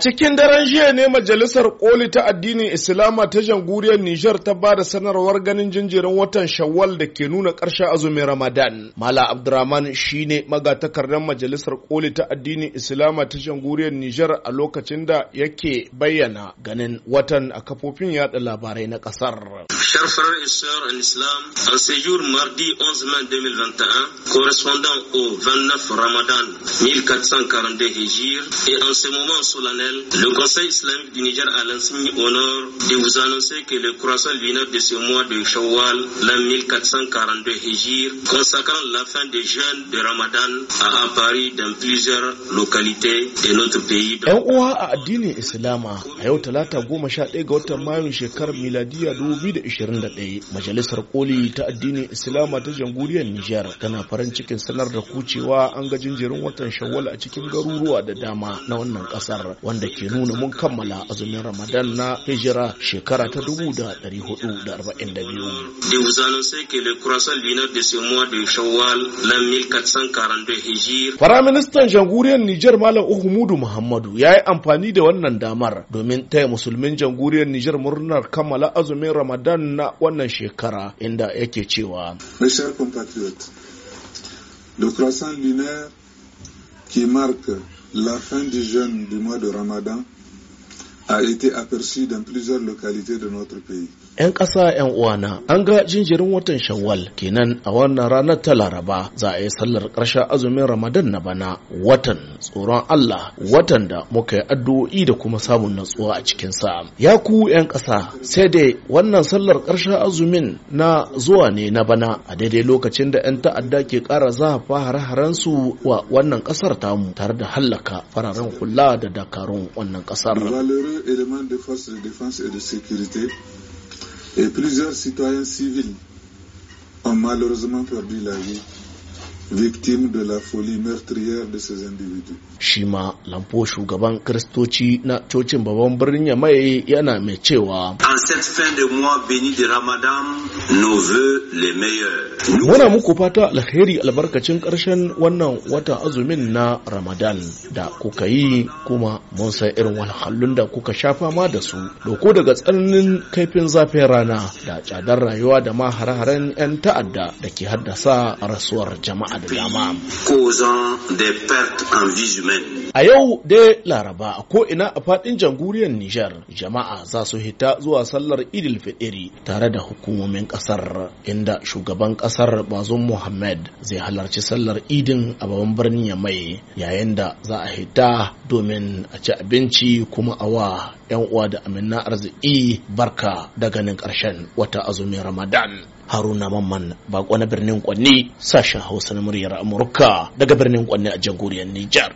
cikin daren jiya ne Majalisar Koli ta addinin Islama ta jamhuriyar Nijar ta ba da sanarwar ganin jinjirin watan Shawwal da ke nuna ƙarshen azumin Ramadan. Mala Abdulrahman, shine ne magatakardar Majalisar Koli ta addinin Islama ta jamhuriyar Nijar a lokacin da yake bayyana ganin watan a kafofin yada labarai na ƙasar. mardi 11 mai correspondant au 29 Ramadan 1442 Hijir, et en ce moment solennel Sahel, le Conseil islamique du Niger a une honneur de vous annoncer que le croissant lunaire de ce mois de Shawwal, l'an 1442 Hijir, consacrant la fin des jeunes de Ramadan, a apparu dans plusieurs localités de notre pays. Yan uwa a addinin Islama a yau talata goma sha ɗaya ga watan Mayun shekarar miladiya 2021 Majalisar Koli ta addinin Islama ta jamhuriyar Nijar tana farin cikin sanar da kucewa an ga jinjirin watan Shawwal a cikin garuruwa da dama na wannan ƙasar. wanda ke nuna mun kammala azumin Ramadan na hijira shekara ta Fara ministan jamhuriyar Nijar Malam Uhumudu Muhammadu ya yi amfani da wannan damar domin taya musulmin jamhuriyar Nijar murnar kammala azumin Ramadan na wannan shekara inda yake cewa. le croissant lunaire qui marque La fin du jeûne du mois de Ramadan a été aperçu dans plusieurs localités de notre pays. 'Yan ƙasa 'yan uwana an ga jinjirin watan Shawwal kenan a wannan ranar ta Laraba za a yi sallar ƙarshen azumin Ramadan na bana watan tsoron Allah watan da muka yi addu'o'i da kuma samun natsuwa a cikin sa. Ya ku 'yan ƙasa sai dai wannan sallar ƙarshen azumin na zuwa ne na bana a daidai lokacin da 'yan ta'adda ke ƙara zafa hare su wa wannan ƙasar tamu tare da hallaka fararen hula da dakarun wannan ƙasar. éléments de forces de défense et de sécurité et plusieurs citoyens civils ont malheureusement perdu la vie victime de la folie meurtrière de ces individus. Shi ma lampo shugaban kristoci na cocin babban birnin Yamai yana mai cewa. En cette fin de mois béni de Ramadan, nos voeux les meilleurs. Muna muku fata alheri albarkacin ƙarshen wannan wata azumin na Ramadan da kuka yi kuma mun san irin walhalun da kuka shafa ma da su. Doko daga tsananin kaifin zafin rana da tsadar rayuwa da ma hare-haren 'yan ta'adda da ke haddasa rasuwar jama'a. da A yau dai Laraba a ina a faɗin jamhuriyar Nijar jama'a za su hita zuwa sallar Idil Fitiri tare da hukumomin ƙasar inda shugaban ƙasar Bazum Mohamed zai halarci sallar Idin a babban birnin Yamai yayin da za a hita domin a ci abinci kuma a wa 'yan uwa da amina arziki barka da ganin ƙarshen wata azumin Ramadan. haruna mamman bako na birnin kwanni sashen hausa na muryar amurka daga birnin kwanni a jamhuriyar nijar